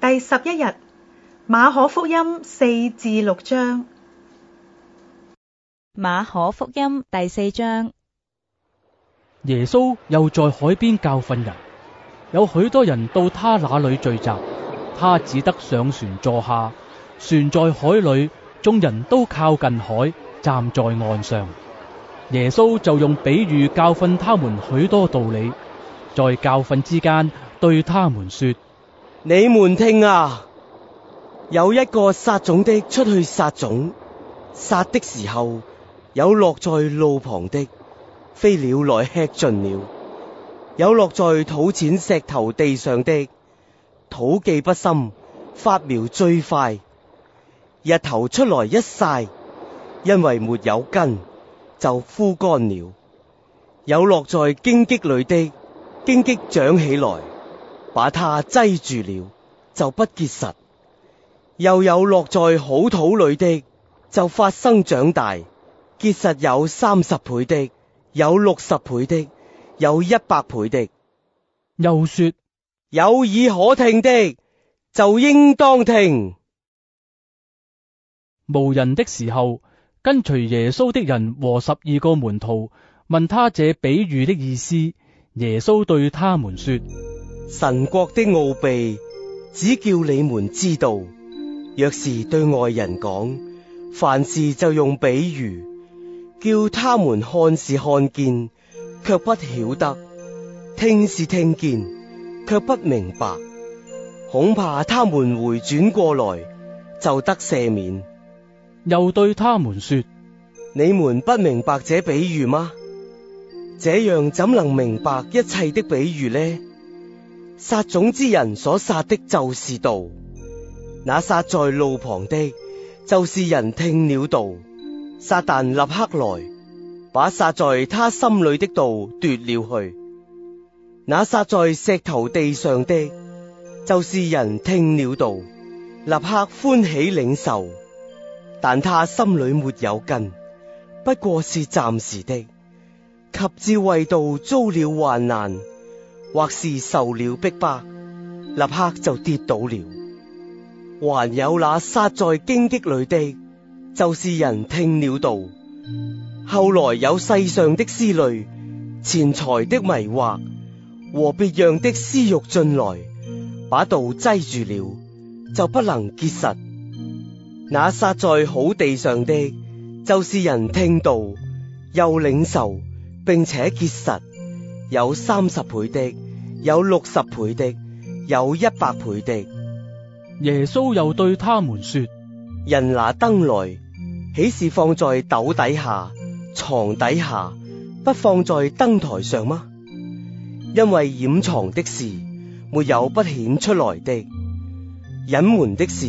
第十一日，馬可福音四至六章，馬可福音第四章，耶穌又在海邊教訓人，有許多人到他那裏聚集，他只得上船坐下，船在海裏，眾人都靠近海，站在岸上，耶穌就用比喻教訓他們許多道理，在教訓之間，對他們說。你們聽啊，有一個撒種的出去撒種，撒的時候有落在路旁的，飛鳥來吃盡了；有落在土淺石頭地上的，土既不深，發苗最快，日頭出來一曬，因為沒有根就枯乾了；有落在荊棘裏的，荊棘長起來。把他擠住了，就不結實；又有落在好土裏的，就發生長大，結實有三十倍的，有六十倍的，有一百倍的。又說：有耳可聽的，就應當聽。無人的時候，跟隨耶穌的人和十二個門徒，問他這比喻的意思。耶穌對他們說。神國的奧秘，只叫你們知道。若是對外人講，凡事就用比喻，叫他們看是看見，卻不曉得；聽是聽見，卻不明白。恐怕他們回轉過來，就得赦免。又對他們說：你們不明白這比喻嗎？這樣怎能明白一切的比喻呢？撒種之人所撒的就是道，那撒在路旁的，就是人聽了道，撒但立刻來把撒在他心裏的道奪了去。那撒在石頭地上的，就是人聽了道，立刻歡喜領受，但他心裏沒有根，不過是暫時的，及至為道遭了患難。或是受了逼迫，立刻就跌倒了；還有那撒在荊棘裏的，就是人聽了道。後來有世上的思慮、錢財的迷惑和別樣的私欲進來，把道擠住了，就不能結實。那撒在好地上的，就是人聽道，又領受，並且結實。有三十倍的，有六十倍的，有一百倍的。耶穌又對他們說：人拿燈來，豈是放在斗底下、床底下，不放在燈台上嗎？因為掩藏的事沒有，有不顯出來的，隱瞞的事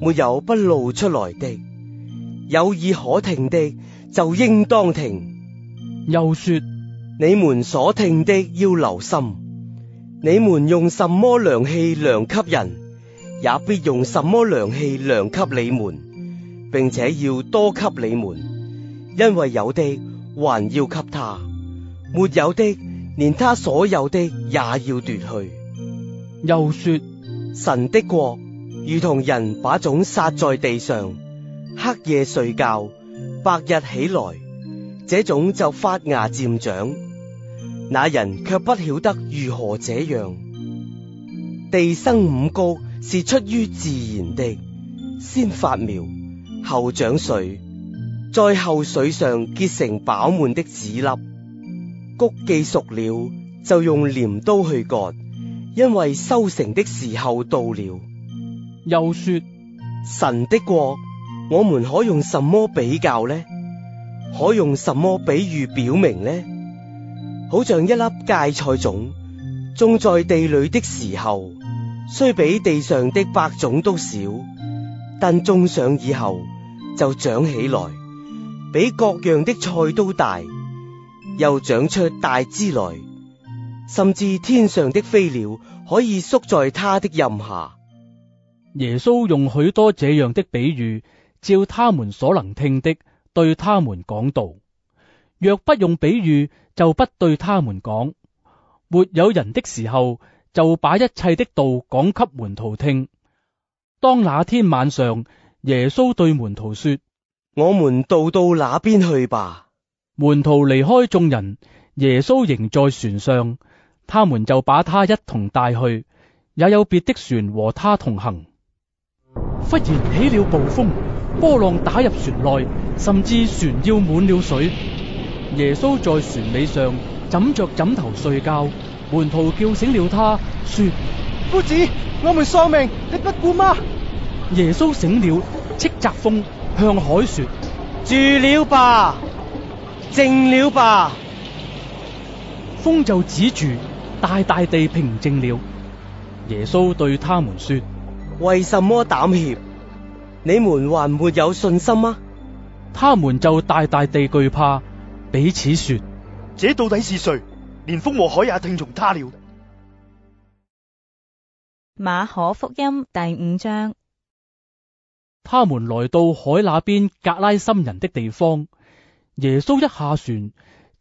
沒有，有不露出來的。有耳可聽的，就應當聽。又說。你們所聽的要留心，你們用什麼量器量給人，也必用什麼量器量給你們，並且要多給你們，因為有的還要給他，沒有的連他所有的也要奪去。又說，神的國如同人把種撒在地上，黑夜睡覺，白日起來，這種就發芽漸長。那人卻不曉得如何這樣。地生五穀是出於自然的，先發苗，後長穗，再後穗上結成飽滿的籽粒。穀既熟了，就用鐮刀去割，因為收成的時候到了。又說，神的國，我們可用什麼比較呢？可用什麼比喻表明呢？好像一粒芥菜種，種在地裏的時候，雖比地上的百種都少，但種上以後就長起來，比各樣的菜都大，又長出大枝來，甚至天上的飛鳥可以宿在他的蔭下。耶穌用許多這樣的比喻，照他們所能聽的，對他們講道。若不用比喻，就不對他們講。沒有人的時候，就把一切的道講給門徒聽。當那天晚上，耶穌對門徒說：我們渡到那邊去吧。門徒離開眾人，耶穌仍在船上。他們就把他一同帶去，也有別的船和他同行。 忽然起了暴風，波浪打入船內，甚至船要滿了水。耶穌在船尾上枕着枕頭睡覺，門徒叫醒了他說：「夫子，我們喪命，你不顧嗎？」耶穌醒了，斥責風，向海說：「住了吧，靜了吧。」風就止住，大大地平靜了。耶穌對他們說：「為什麼膽怯？你們還沒有信心嗎？」他們就大大大地懼怕。彼此說，這到底是誰？連風和海也聽從他了。馬可福音第五章。他們來到海那邊格拉森人的地方，耶穌一下船，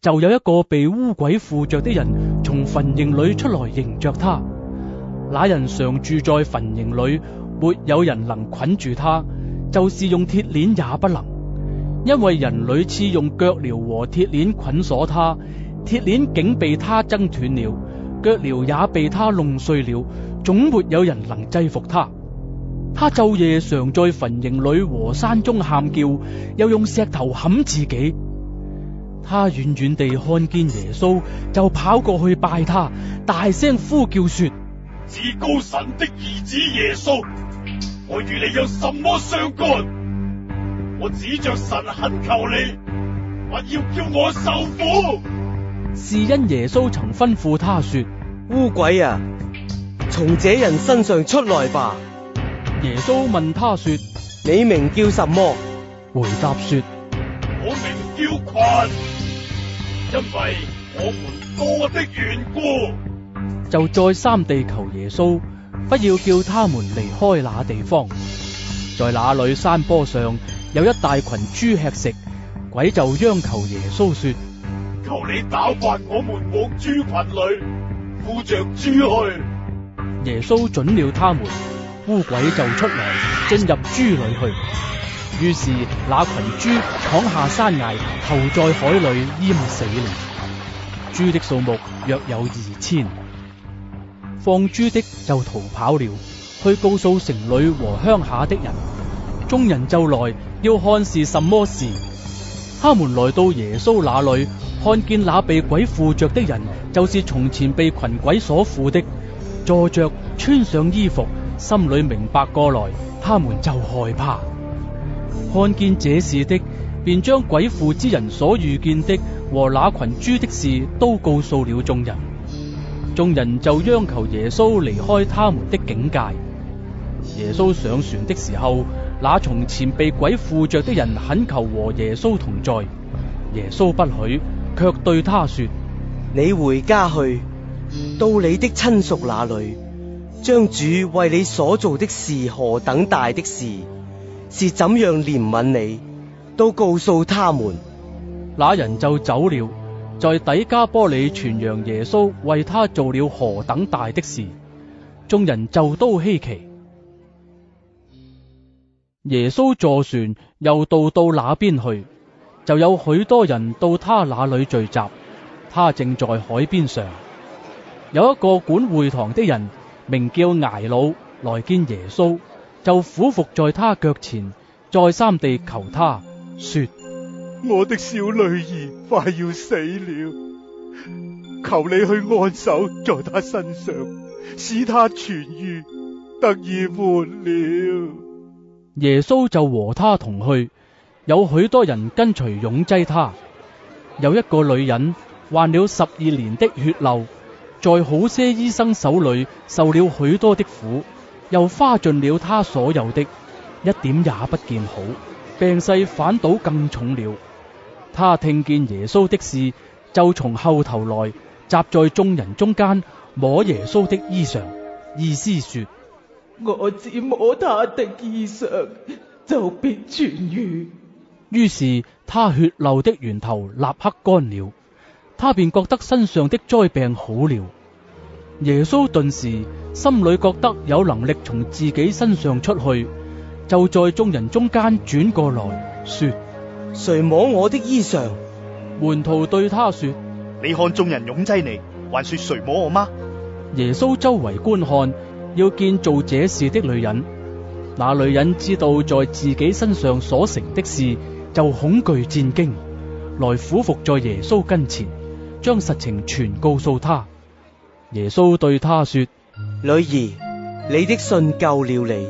就有一個被污鬼附着的人從墳塋裏出來迎着他。那人常住在墳塋裏，沒有人能捆住他，就是用鐵鏈也不能。因為人屢次用腳鐐和鐵鏈捆鎖他，鐵鏈竟被他掙斷了，腳鐐也被他弄碎了，總沒有人能制服他。他晝夜常在墳塋裏和山中喊叫，又用石頭砍自己。他遠遠地看見耶穌，就跑過去拜他，大聲呼叫說：至高神的兒子耶穌，我與你有什麼相干？我指着神懇求你，不要叫我受苦。是因耶穌曾吩咐他說：污鬼啊，從這人身上出來吧。耶穌問他說：你名叫什麼？回答說：我名叫群，因為我們多的緣故。就再三地求耶穌，不要叫他們離開那地方，在那裏山坡上。有一大群豬吃食，鬼就央求耶穌說：求你打發我們往豬群裏附著豬去。耶穌准了他們，污鬼就出來進入豬裏去，於是那群豬闖下山崖，投在海裏淹死了。豬的數目約有二千，放豬的就逃跑了，去告訴城裏和鄉下的人。眾人就來要看是什麼事。他們來到耶穌那裡，看見那被鬼附着的人，就是從前被群鬼所附的，坐着穿上衣服，心裡明白過來，他們就害怕。看見這事的，便將鬼附之人所遇見的和那群豬的事都告訴了眾人。眾人就央求耶穌離開他們的境界。耶穌上船的時候。那從前被鬼附着的人懇求和耶穌同在，耶穌不許，卻對他說：你回家去，到你的親屬那裏，將主為你所做的事何等大的事，是怎樣憐憫你，都告訴他們。那人就走了，在底加波里傳揚耶穌為他做了何等大的事，眾人就都稀奇。耶穌坐船又渡到那邊去，就有許多人到他那裏聚集。他正在海邊上，有一個管會堂的人名叫睚魯，來見耶穌，就俯伏在他腳前，再三地求他說：我的小女兒快要死了，求你去安守在她身上，使她痊愈，得以活了。耶穌就和他同去，有許多人跟隨擁擠他。有一個女人患了十二年的血漏，在好些醫生手裏受了許多的苦，又花盡了她所有的，一點也不見好，病勢反倒更重了。她聽見耶穌的事，就從後頭來，雜在眾人中間，摸耶穌的衣裳，意思說。我只摸他的衣裳，就必痊癒。於是他血流的源頭立刻乾了，他便覺得身上的災病好了。耶穌頓時心裏覺得有能力從自己身上出去，就在眾人中間轉過來說：誰摸我的衣裳？門徒對他說：你看眾人擁擠你，還說誰摸我嗎？耶穌周圍觀看。要見做這事的女人，那女人知道在自己身上所成的事，就恐懼戰驚，來俯伏在耶穌跟前，將實情全告訴他。耶穌對他說：女兒，你的信救了你，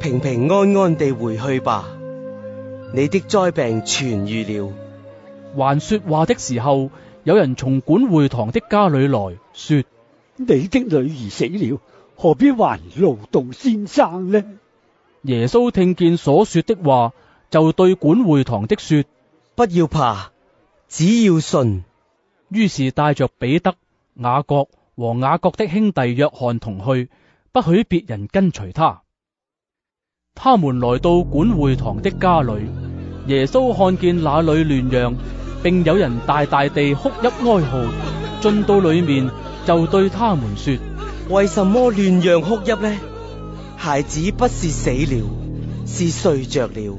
平平安安地回去吧。你的災病痊癒了。還說話的時候，有人從管會堂的家裏來說：你的女兒死了。何必還勞動先生呢？耶穌聽見所說的話，就對管會堂的說：不要怕，只要信。於是帶着彼得、雅各和雅各的兄弟約翰同去，不許別人跟隨他。他們來到管會堂的家裏，耶穌看見那裏亂嚷，並有人大大地哭泣哀號，進到裏面就對他們說。為什麼亂嚷哭泣呢？孩子不是死了，是睡着了。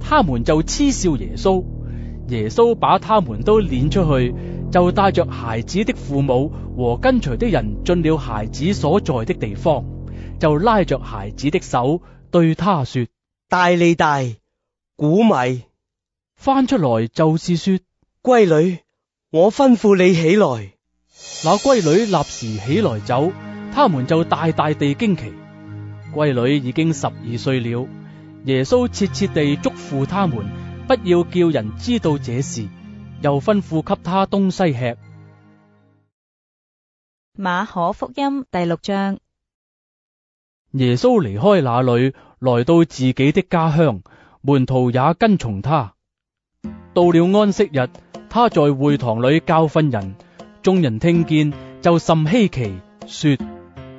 他們就嗤笑耶穌，耶穌把他們都攆出去，就帶着孩子的父母和跟隨的人進了孩子所在的地方，就拉着孩子的手對他說：大利大，古米，翻出來就是說，閨女，我吩咐你起來。那閨女立時起來走，他們就大大地驚奇。閨女已經十二歲了，耶穌切切地囑咐他們不要叫人知道這事，又吩咐給他東西吃。馬可福音第六章。耶穌離開那裏，來到自己的家鄉，門徒也跟從他。到了安息日，他在會堂裏教訓人。眾人聽見就甚稀奇，說：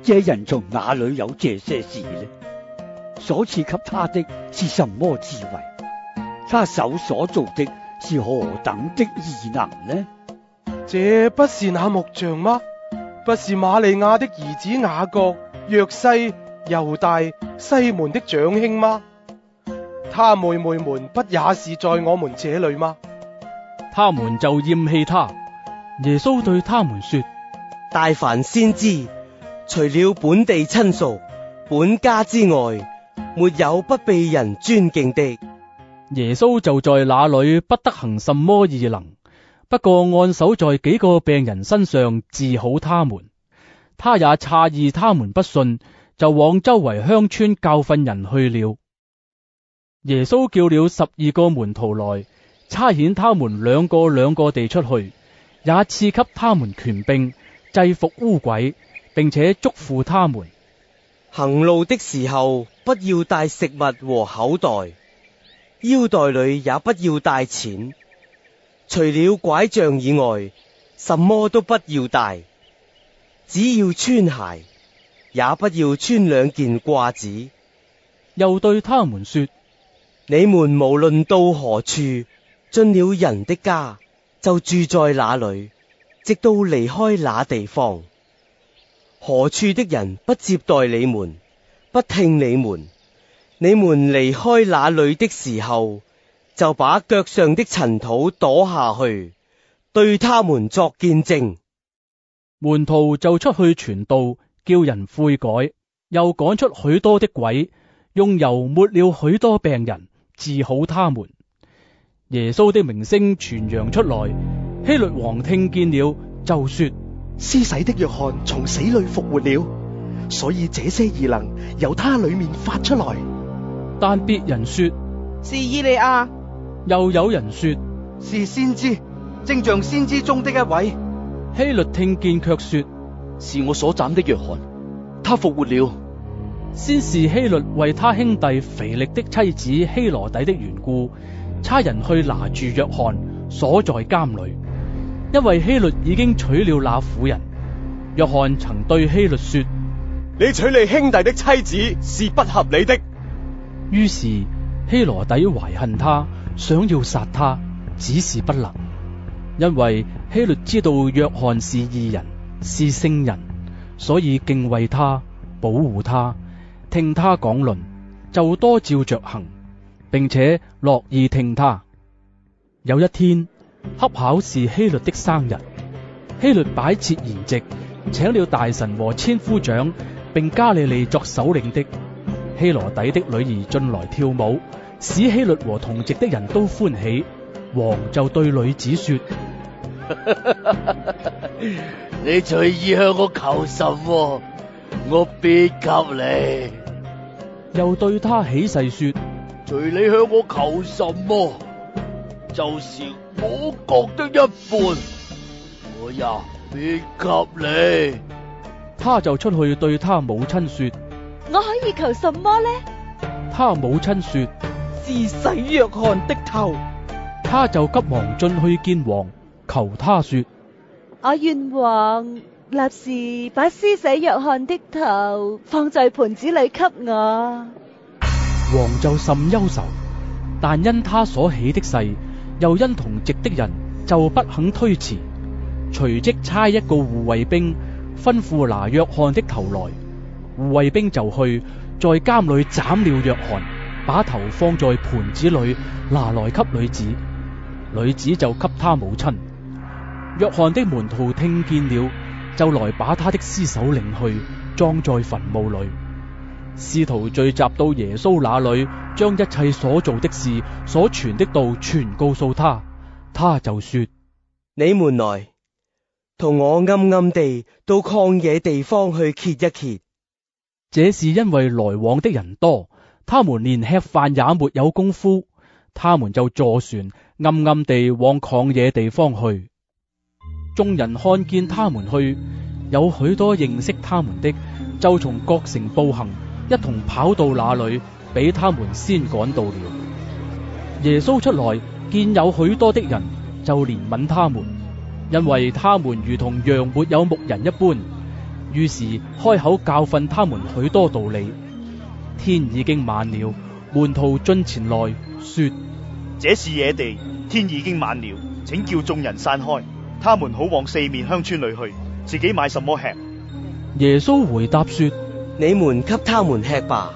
這人從哪裏有這些事呢？所賜給他的是什麼智慧？他手所做的是何等的異能呢？這不是那木匠嗎？不是瑪利亞的兒子雅各、約西、猶大、西門的長兄嗎？他妹妹們不也是在我們這裏嗎？他們就厭棄他。耶穌對他們說：大凡先知，除了本地親屬、本家之外，沒有不被人尊敬的。耶穌就在那裏不得行什麼異能，不過按手在幾個病人身上治好他們。他也詫異他們不信，就往周圍鄉村教訓人去了。耶穌叫了十二個門徒來，差遣他們兩個兩個地出去。也賜給他們權柄，制服污鬼，並且囑咐他們：行路的時候，不要帶食物和口袋，腰袋裏也不要帶錢，除了拐杖以外，什麼都不要帶。只要穿鞋，也不要穿兩件褂子。又對他們說：你們無論到何處，進了人的家，就住在那裡，直到離開那地方。何處的人不接待你們，不聽你們，你們離開那裡的時候，就把腳上的塵土躲下去，對他們作見證。門徒就出去傳道，叫人悔改，又趕出許多的鬼，用油抹了許多病人，治好他們。耶穌的名聲傳揚出來，希律王聽見了，就說：施洗的約翰從死裏復活了，所以這些異能由他裏面發出來。但別人說是以利亞，又有人說是先知，正像先知中的一位。希律聽見卻說是我所斬的約翰，他復活了。先是希律為他兄弟腓力的妻子希羅底的緣故。差人去拿住約翰鎖在監裏，因為希律已經娶了那婦人。約翰曾對希律說：你娶你兄弟的妻子是不合理的。於是希羅底懷恨他，想要殺他，只是不能，因為希律知道約翰是義人，是聖人，所以敬畏他，保護他，聽他講論，就多照着行。並且樂意聽他。有一天，恰巧是希律的生日，希律擺設筵席，請了大臣和千夫長，並加利利作首領的希羅底的女兒進來跳舞，使希律和同席的人都歡喜。王就對女子說： 你隨意向我求什麼，我必給你。又對他起誓說。隨你向我求什麼，就是我國的一半，我也，必給你。他就出去對他母親說：我可以求什麼呢？他母親說：施洗約翰的頭。他就急忙進去見王，求他說：我願王立時把施洗約翰的頭放在盤子裏給我。王就甚憂愁，但因他所起的誓，又因同席的人，就不肯推辭。隨即差一個護衛兵，吩咐拿約翰的頭來。護衛兵就去，在監裏斬了約翰，把頭放在盤子裏，拿來給女子。女子就給他母親。約翰的門徒聽見了，就來把他的屍首領去，裝在墳墓裏。使徒聚集到耶穌那裏，將一切所做的事、所傳的道全告訴他。他就說：「你們來，同我暗暗地到曠野地方去歇一歇。」這是因為來往的人多，他們連吃飯也沒有功夫，他們就坐船暗暗地往曠野地方去。眾人看見他們去，有許多認識他們的，就從各城步行。一同跑到那裏，比他們先趕到了。耶穌出來見有許多的人，就憐憫他們，因為他們如同羊沒有牧人一般，於是開口教訓他們許多道理。天已經晚了，門徒進前來說：這是野地，天已經晚了，請叫眾人散開，他們好往四面鄉村裏去，自己買什麼吃。耶穌回答說。你們給他們吃吧。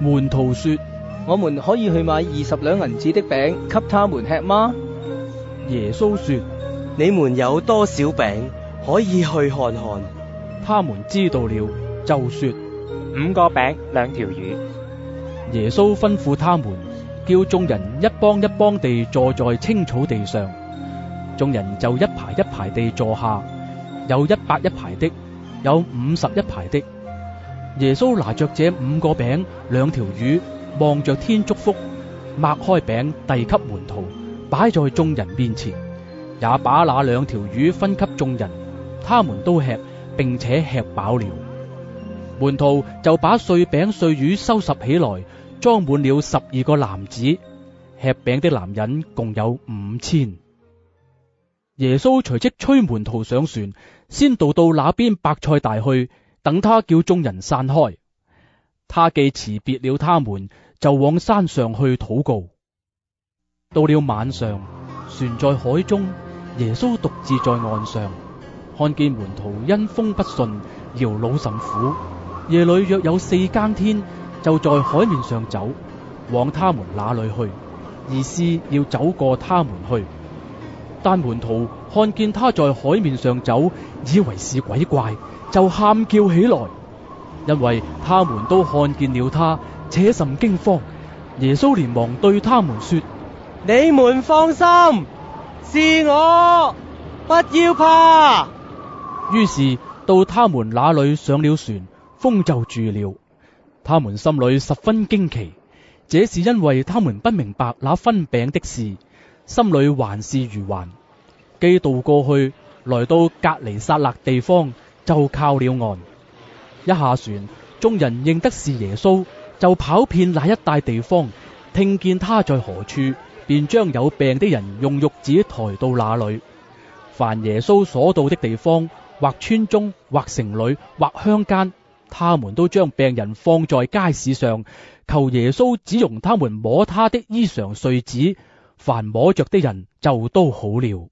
門徒說：我們可以去買二十兩銀子的餅給他們吃嗎？耶穌說：你們有多少餅，可以去看看。他們知道了，就說：五個餅兩條魚。耶穌吩咐他們，叫眾人一幫一幫地坐在青草地上。眾人就一排一排地坐下，有一百一排的，有五十一排的。耶穌拿着這五個餅兩條魚，望着天祝福，擘開餅遞給門徒，擺在眾人面前，也把那兩條魚分給眾人，他們都吃，並且吃飽了。門徒就把碎餅碎魚收拾起來，裝滿了十二個籃子。吃餅的男人共有五千。耶穌隨即催門徒上船，先渡到那邊伯賽大去。等他叫眾人散開，他既辭別了他們，就往山上去禱告。到了晚上，船在海中，耶穌獨自在岸上，看見門徒因風不順，搖櫓甚苦。夜裏約有四更天，就在海面上走，往他們那裏去，意思要走過他們去，但門徒。看見他在海面上走，以為是鬼怪，就喊叫起來。因為他們都看見了他，且甚驚慌。耶穌連忙對他們說：你們放心，是我，不要怕。於是到他們那裏上了船，風就住了。他們心裏十分驚奇，這是因為他們不明白那分餅的事，心裏還是愚頑。既渡過去，來到隔尼撒勒地方，就靠了岸。一下船，眾人認得是耶穌，就跑遍那一帶地方，聽見他在何處，便將有病的人用褥子抬到那裏。凡耶穌所到的地方，或村中，或城裏，或鄉間，他們都將病人放在街市上，求耶穌只容他們摸他的衣裳繸子。凡摸着的人就都好了。